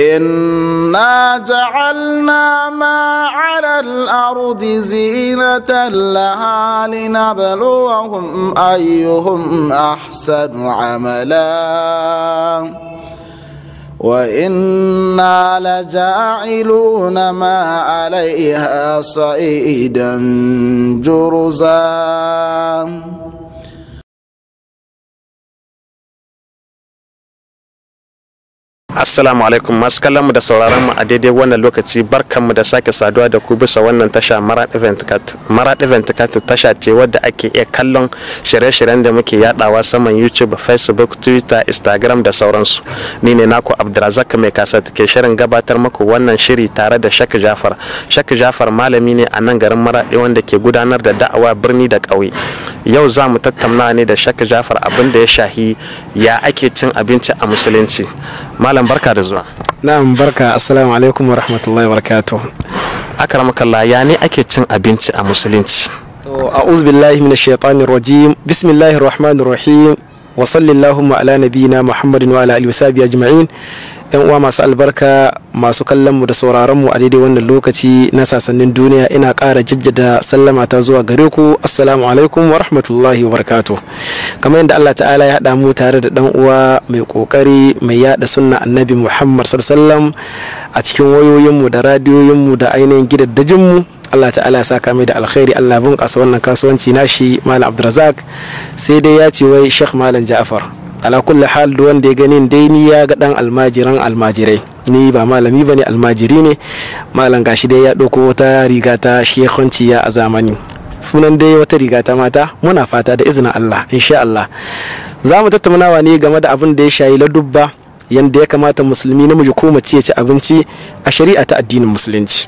إنا جعلنا ما على الأرض زينة لها لنبلوهم أيهم أحسن عملا وإنا لجاعلون ما عليها صعيدا جرزا Assalamu alaikum masu kallonmu da sauraron mu a daidai wannan lokaci barkanmu da sake saduwa da ku bisa wannan tasha Marat Event Cat. Marat tasha ce wadda ake iya kallon shirye-shiryen da muke yadawa saman YouTube, Facebook, Twitter, Instagram da sauransu. Ni ne naku Abdulrazak mai kasa ke shirin gabatar muku wannan shiri tare da Shak Jafar. Shak Jafar malami ne a nan garin Maraɗi wanda ke gudanar da da'awa birni da ƙauye. Yau za mu tattauna ne da Shak Jafar abin da ya shahi ya ake cin abinci a musulunci. malam barka da zuwa na'am barka assalamu alaikum wa rahmatullahi barakatuh akramakallah ya ne ake cin abinci a musulunci to a'udhu billahi minash shaitanir rajim bismillahir rahmanir rahim wa sallallahu ala nabiyina muhammadin wa ala alihi wasabi ajma'in yan uwa masu albarka masu kallon mu da sauraron mu a daidai wannan lokaci na sasannin duniya ina ƙara jaddada sallama ta zuwa gare ku assalamu alaikum wa rahmatullahi wa barakatuh kamar yadda Allah ta'ala ya haɗa mu tare da dan uwa mai kokari mai yada sunna annabi Muhammad sallallahu alaihi a cikin wayoyin mu da radiyoyin mu da ainihin gidaddajin mu Allah ta'ala saka mai da alkhairi Allah bunƙasa wannan kasuwanci nashi malam Abdulrazak sai dai ya ce wai Sheikh Malam Ja'far ala kulli hal wanda ya ganin dai ni ya ga dan almajiran almajirai ni ba malami bane almajiri ne malam gashi dai ya ɗauko wata riga ta ya a zamani sunan dai wata riga ta mata muna fata da izinin Allah insha Allah za mu tattaunawa ne game da abin da ya shayi ladubba yanda ya kamata musulmi namiji ko mace ya ci abinci a shari'a ta addinin musulunci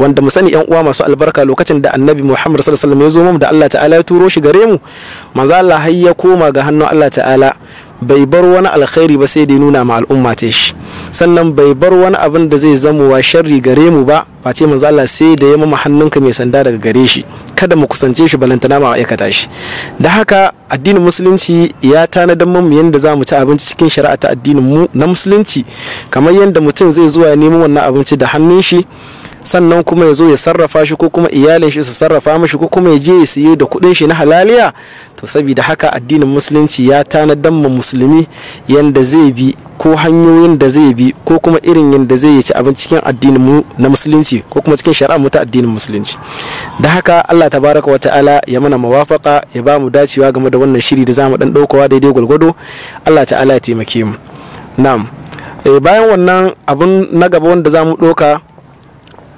wanda mu sani yan uwa masu albarka lokacin da annabi muhammad sallallahu alaihi wasallam ya zo mu da allah ta'ala ya turo shi gare mu manzo allah har ya koma ga hannun allah ta'ala bai bar wani alkhairi ba sai da nuna ma al'umma ta shi sannan bai bar wani abin da zai zamo wa sharri gare mu ba face manzo Allah sai da ya mama hannunka mai sanda daga gare shi kada mu kusance shi balantana ma aikata shi da haka addinin musulunci ya tanadar mu yanda za mu ci abinci cikin shari'a ta addinin mu na musulunci kamar yadda mutum zai zuwa neman wannan abinci da hannun shi sannan kuma ya zo ya sarrafa shi ko kuma iyalin shi su sarrafa mashi ko kuma ya je ya siyo da kuɗin shi na halaliya to saboda haka addinin musulunci ya tana ma musulmi yanda zai bi ko hanyoyin da zai bi ko kuma irin yanda zai ci abin cikin addinin mu na musulunci ko kuma cikin shari'a mu ta addinin musulunci da haka Allah tabaraka wa ta'ala ya mana mawafaka ya ba mu dacewa game da wannan shiri da zamu dan daukawa daidai gwargwado Allah ta'ala ya taimake mu na'am eh, bayan wannan abun na gaba wanda za mu doka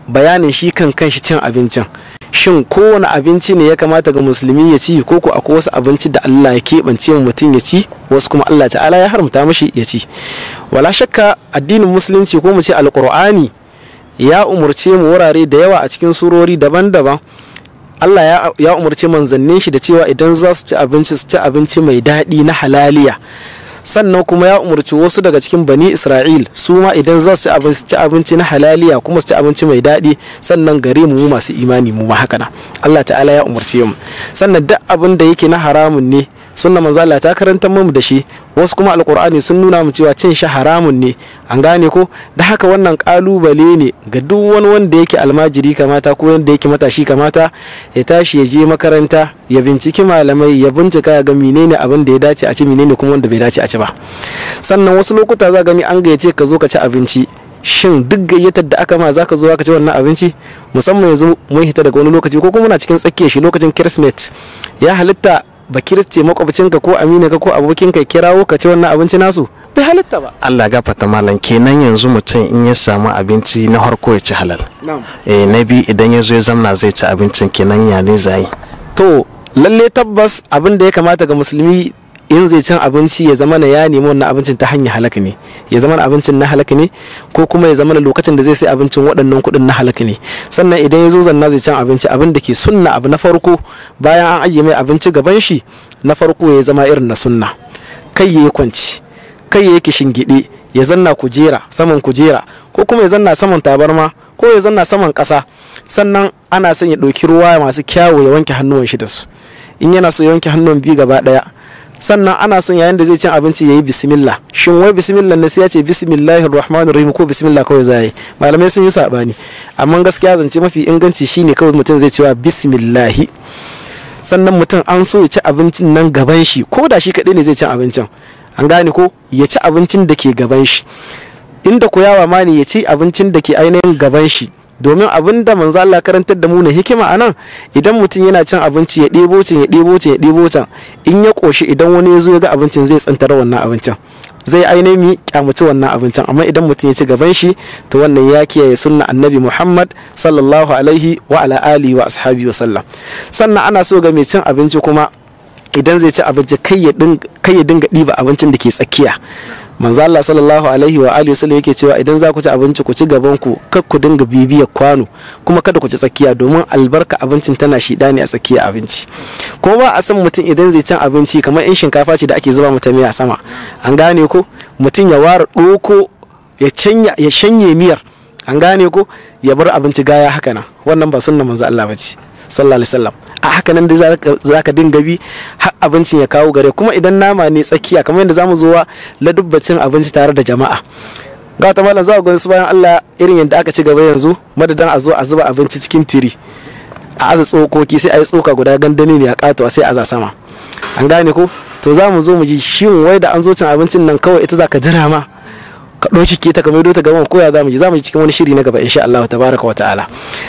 bayanin shi kan kanshi cin abincin shin kowane abinci ne ya kamata ga musulmi ya ci ko ko akwai wasu abinci da Allah ya keɓance mu mutum ya ci wasu kuma Allah ta'ala ya haramta mashi ya ci wala shakka addinin musulunci ko mu ce alqur'ani ya umurce mu wurare da yawa a cikin surori daban-daban Allah ya umurce manzannin shi da cewa idan za su ci abinci su ci abinci mai daɗi na halaliya sannan kuma ya umarci wasu daga cikin bani isra'il su ma idan za su ci abinci na halaliya kuma su ci abinci mai daɗi sannan gare mu masu imani mu ma haka na Allah ta'ala ya umarci mu sannan duk abin da yake na haramun ne sunna manzo Allah ta karantar mu da shi wasu kuma alqur'ani sun nuna mu cewa cin shi haramun ne an gane ko da haka wannan kalubale ne ga duk wani wanda yake almajiri kamata ko wanda yake matashi kamata ya tashi ya je makaranta ya binciki malamai ya bincika ya ga menene abin da ya dace a ci menene kuma wanda bai dace a ci ba sannan wasu lokuta za gani an gayyace ka zo ka ci abinci shin duk gayyatar da aka ma za ka zo ka ci wannan abinci musamman yanzu mun hita daga wani lokaci ko kuma muna cikin tsakiyar shi lokacin christmas ya halitta ba kiriste makwabcinka ko amina ka ko abokin ka kirawo ka ci wannan abinci nasu bai halitta ba Allah gafarta malam kenan yanzu mutum in ya samu abinci na harko ya ci halal eh na bi idan ya zo ya zamna zai ci abincin kenan ya ne zai to lalle tabbas abin da ya kamata ga musulmi in zai cin abinci ya zama na ya nemi wannan abincin ta hanyar halaka ne ya zama abincin na halaka ne ko kuma ya zama lokacin da zai sai abincin waɗannan kuɗin na halaka ne sannan idan ya zo zanna zai cin abinci abin da ke sunna abu na farko bayan an ajiye mai abinci gaban shi na farko ya zama irin na sunna kai ya kwanci kai ya yake shingiɗe ya zanna kujera saman kujera ko kuma ya zanna saman tabarma ko ya zanna saman ƙasa sannan ana son ya ɗauki ruwa masu kyawu ya wanke hannuwan shi da su in yana so ya wanke hannun biyu gaba ɗaya sannan ana son yayin da zai cin abinci yayi bismillah shin wai bismillah ne sai ya ce bismillahir rahmanir rahim ko bismillah kawai zai malamai sun yi sabani amma gaskiya zance mafi inganci shine kawai mutum zai cewa bismillahi sannan mutum an so ya ci abincin nan gaban shi ko da shi kaɗai ne zai cin abincin an gane ko ya ci abincin da ke gaban shi inda koyawa ma ne ya ci abincin da ke ainihin gaban shi domin abin da manzo Allah karantar da mu na hikima anan idan mutum yana cin abinci ya ɗebo can ya ɗebo can ya ɗebo can in ya ƙoshi idan wani ya zo ya ga abincin zai tsantar wannan abincin zai ainihin kyamaci wannan abincin amma idan mutum ya ci gaban shi to wannan ya kiyaye sunna annabi Muhammad sallallahu alaihi wa ala alihi wa ashabi wa sallam sannan ana so ga mai cin abinci kuma idan zai ci abinci kai ya dinga ɗiba abincin da ke tsakiya manzo Allah sallallahu alaihi wa alihi wasallam yake cewa idan za ku ci abinci ku ci gaban ku kar ku dinga bibiyar kwano kuma kada ku ci tsakiya domin albarka abincin tana shida ne a tsakiya abinci kuma ba a san mutum idan zai cin abinci kamar in shinkafa ce da ake zuba mata miya sama an gane ko mutum ya ware doko ya canya ya shanye miyar an gane ko ya bar abinci gaya haka nan wannan ba sunna manzo Allah bace sallallahu alaihi wasallam a haka nan za ka dinga bi har abincin ya kawo gare kuma idan nama ne tsakiya kamar yadda zamu zuwa ladubbacin abinci tare da jama'a ga ta malam za gani su bayan Allah irin yadda aka ci gaba yanzu madadan a zo a zuba abinci cikin tiri a aza tsokoki sai a yi tsoka guda gandane ne a katuwa sai a za sama an gane ko to za mu zo mu ji shin wai da an zo cin abincin nan kawai ita za ka jira ma ka ɗauki ke ta kamar ta gaban koya za mu ji za mu ji cikin wani shiri na gaba insha Allah tabaraka wa ta'ala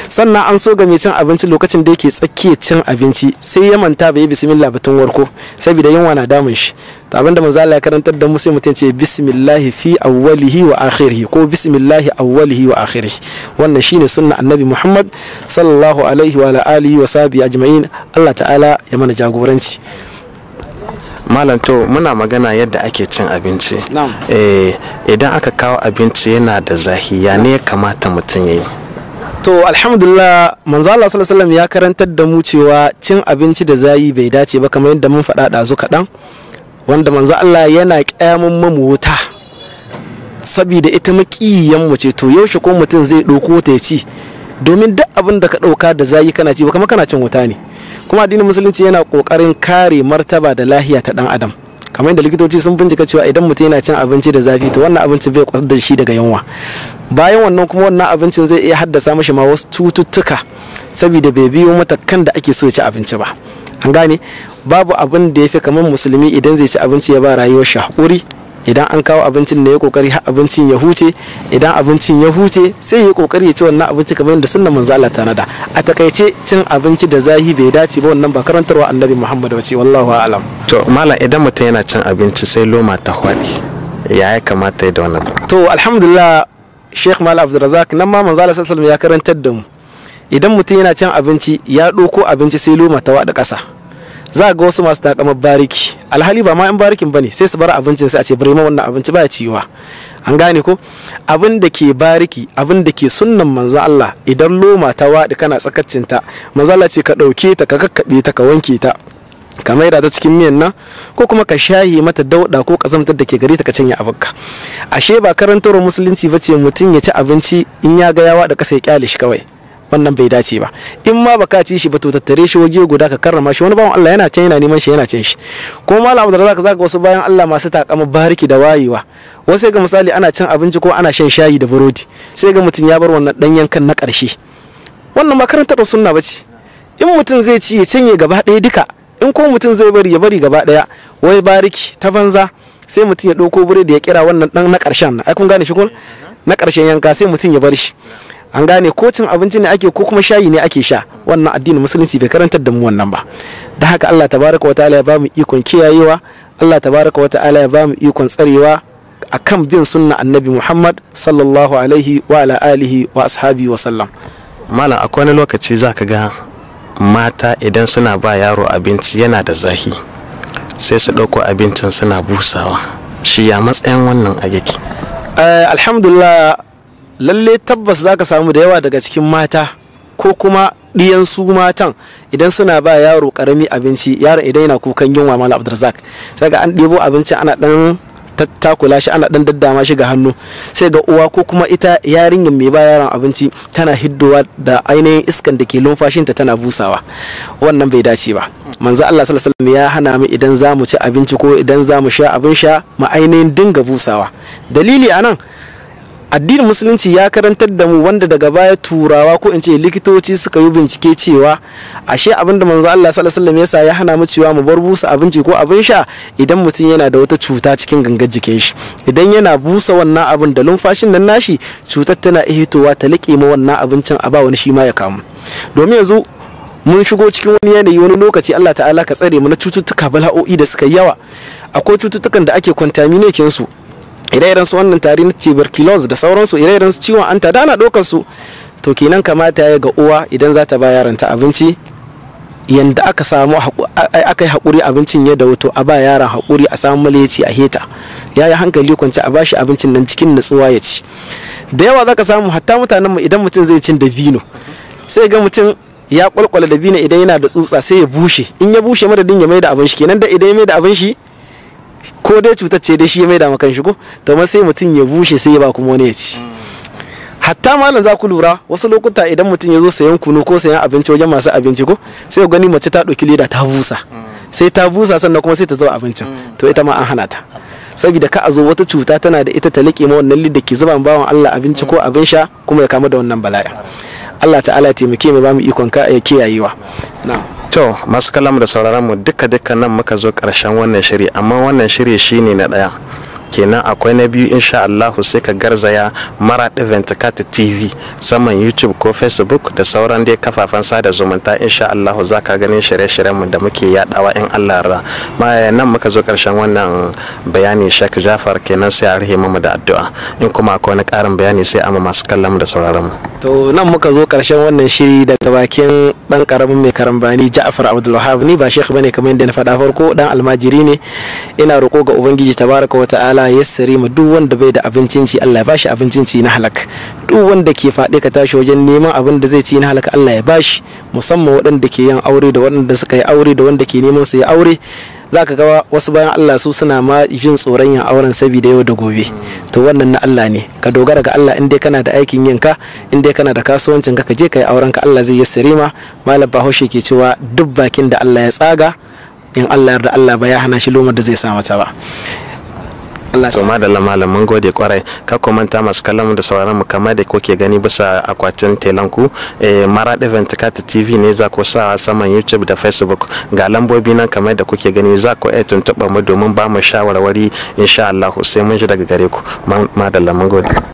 sannan an so ga mai cin abinci lokacin da yake tsakiyar cin abinci sai ya manta bai bismillah batun warko saboda yunwa na damun shi to abinda manzo Allah ya karantar da mu sai mutum ce bismillah fi awwalihi wa akhirih ko bismillah awwalihi wa akhirih wannan shine sunna annabi Muhammad sallallahu alaihi wa alihi wa sahbihi ajma'in Allah ta'ala ya mana jagoranci malam muna magana yadda ake cin abinci eh, idan aka kawo abinci yana da zahi ya ne ya kamata mutum ya yi to alhamdulillah manzo Allah sallallahu ya karantar da mu cewa cin abinci da zayi bai dace ba kamar yadda mun faɗa ɗazu kaɗan wanda manzo Allah yana kyamun mamu wuta saboda ita maƙiyan mu ce to yaushe ko mutum zai ɗauko ta ya ci domin duk abin da ka ɗauka da zayi kana ci ba kamar kana cin wuta ne kuma addinin musulunci yana kokarin kare martaba da lahiya ta dan adam kamar yadda likitoci sun bincika cewa idan mutum yana cin abinci da zafi to wannan abincin bai kwasar da shi daga yunwa bayan wannan kuma wannan abincin zai iya haddasa mashi ma wasu cututtuka saboda bai biyo kan da ake so ya ci abinci ba an gane babu abin da ya fi kamar musulmi idan zai ci abinci ya ba rayuwar shi haƙuri idan an kawo abincin da ya kokari har abincin ya huce idan abincin ya huce sai ya kokari ya ci wannan abinci kamar yadda sunna manzo Allah tanada a takaice cin abinci da zahi bai dace ba wannan ba karantarwa annabi Muhammad bace wallahu a'lam to mallam idan mutum yana cin abinci sai loma ta hwadi ya ya kamata ya da wannan to alhamdulillah Sheikh Malam Abdulrazak nan ma manzo Allah sallallahu alaihi wasallam ya karantar da mu idan mutum yana cin abinci ya ɗauko abinci sai loma ta wada ƙasa za ga wasu masu takamar bariki alhali ba ma yan barikin ne sai su bar abincin sai a ce bari ma wannan abinci ba ya ciwa an gane ko abin da ke bariki abin da ke sunnan manzo Allah idan loma ta waɗi kana tsakacinta manzo Allah ce ka ɗauke ta ka kakkaɓe ta ka wanke ta ka maida ta cikin miyan nan ko kuma ka shayi mata dauɗa, ko kazamtar da ke gari ta ka cinye abinka ashe ba karantarwar musulunci ba ce mutum ya ci abinci in ya ga yawa da ƙasa ya kyale shi kawai wannan bai dace ba in ma baka ci shi ba to tattare shi waje guda ka karrama shi wani bawan Allah yana can yana neman shi yana cin shi ko malam Abdul Razak zaka wasu bayan Allah masu takama bariki da wayewa wasu ga misali ana cin abinci ko ana shan shayi da burodi sai ga mutum ya bar wannan danyen kan na karshe wannan makarantar sunna bace in mutum zai ci ya cinye gaba ɗaya duka in ko mutum zai bari ya bari gaba ɗaya wai bariki ta banza sai mutum ya ɗauko burodi ya kira wannan dan na karshen ai kun gane shi ko na ƙarshen yanka sai mutum ya bar shi an gane ko cin abinci ne ake ko kuma shayi ne ake sha wannan addinin musulunci bai karantar da mu wannan ba da haka Allah tabaraka wa ta'ala ya bamu ikon kiyayewa Allah tabaraka wa ta'ala ya bamu ikon tsarewa akan bin sunna annabi Muhammad sallallahu alaihi wa ala alihi wa ashabi wa sallam malam akwai wani lokaci zaka ga mata idan suna ba yaro abinci yana da zahi sai su ɗauko abincin suna busawa shi ya matsayin wannan a yake eh, alhamdulillah lalle tabbas za ka samu da yawa daga cikin mata ko kuma ɗiyan su matan idan suna ba yaro karami abinci yaron idan yana kukan yunwa mala abdulrazak sai ga an ɗebo abinci ana ɗan takula shi ana ɗan daddama shi ga hannu sai ga uwa ko kuma ita yarinyar mai ba yaron abinci tana hiddowa da ainihin iskan da ke lumfashinta tana busawa wannan bai dace ba manzo Allah sallallahu alaihi ya hana mu idan zamu ci abinci ko idan zamu sha abin sha ma ainihin dinga busawa dalili anan addinin musulunci ya karantar da mu wanda daga baya turawa ko in ce likitoci suka yi bincike cewa ashe abin da manzo Allah sallallahu alaihi wasallam ya hana mu cewa mu bar busa abinci ko abin sha idan mutum yana da wata cuta cikin gangar jikin shi idan yana busa wannan abin da lumfashin nan nashi cutar tana ihitowa ta liƙe ma wannan abincin a ba wani shi ma ya kamu domin yanzu mun shigo cikin wani yanayi wani lokaci Allah ta'ala ka tsare mu na cututtuka bala'o'i da suka yawa akwai cututtukan da ake contaminating su ire-iren su wannan tari na tuberculosis da sauransu ire-iren su ciwon anta da ana ɗaukar su to kenan kamata ya ga uwa idan za ta ba ta abinci yanda aka samu aka yi haƙuri abincin ya wuto a ba yaran hakuri a samu malayaci a heta ya yi hankali kwanci a bashi abincin nan cikin natsuwa ya ci da yawa za ka samu hatta mutanen mu idan mutum zai cin dabino sai ga mutum ya kwalkwala dabino idan yana da tsutsa sai ya bushe in ya bushe madadin ya mai da abin shi kenan da idan ya mai da abin shi ko dai cutar ce dai shi ya maida da shi ko to ma sai mutum ya bushe sai ya ba kuma wani ya ci hatta malam za ku lura wasu lokuta idan mutum ya zo sayan kunu ko sayan abinci wajen masu abinci ko sai gani mace ta ɗauki leda ta busa sai ta busa sannan kuma sai ta zuba abincin to ita ma an hana ta saboda ka a zo wata cuta tana da ita ta liƙe ma wannan lidda ke zuba bawan Allah abinci ko abin sha kuma ya kama da wannan bala'in Allah ta'ala ya taimake mu ba mu ikon ka ya kiyayewa na'am to masu kalam da sauraron mu duka duka nan muka zo karshen wannan shiri amma wannan shiri shine na daya kenan akwai na biyu insha Allah sai ka garzaya mara Venticata TV saman YouTube ko Facebook da sauran dai kafafen sada zumunta insha Allah za ka ganin shirye-shiryen mu da muke yadawa in Allah ra ma nan muka zo karshen wannan bayani Sheikh Jafar kenan sai a rahe mu da addu'a in kuma akwai wani karin bayani sai amma masu kallon mu da sauraron mu to nan muka zo karshen wannan shiri daga bakin dan karamin mai karambani ja'far abdulwahab ni ba sheikh bane kamar yadda na faɗa farko dan almajiri ne ina roƙo ga ubangiji tabaraka wa ta'ala yassari mu duk wanda bai da abincin ci Allah ya bashi abincin ci na halak duk wanda ke faɗi ka tashi wajen neman abin da zai ci na halak Allah ya bashi musamman waɗanda ke yin aure da waɗanda suka yi aure da wanda ke neman su yi aure za ka ga wasu bayan Allah su suna ma jin tsoron yin auren saboda yau da gobe to wannan na Allah ne ka dogara ga Allah in kana da aikin yin ka in kana da kasuwancin ka je ka yi auren ka Allah zai yi ma malam Bahaushe ke cewa duk bakin da Allah ya tsaga in Allah yarda Allah ba ya hana shi lomar da zai sa mata ba to madalla malam mun gode kwarai ka komanta masu kallon da sauraron mu kamar da kuke gani bisa akwatin telanku eh Maradi Venticata TV ne za ku sa saman YouTube da Facebook ga lambobi nan kamar da kuke gani za ku iya tuntuɓa mu domin ba mu shawarwari insha Allah sai mun ji daga gare ku madalla mun gode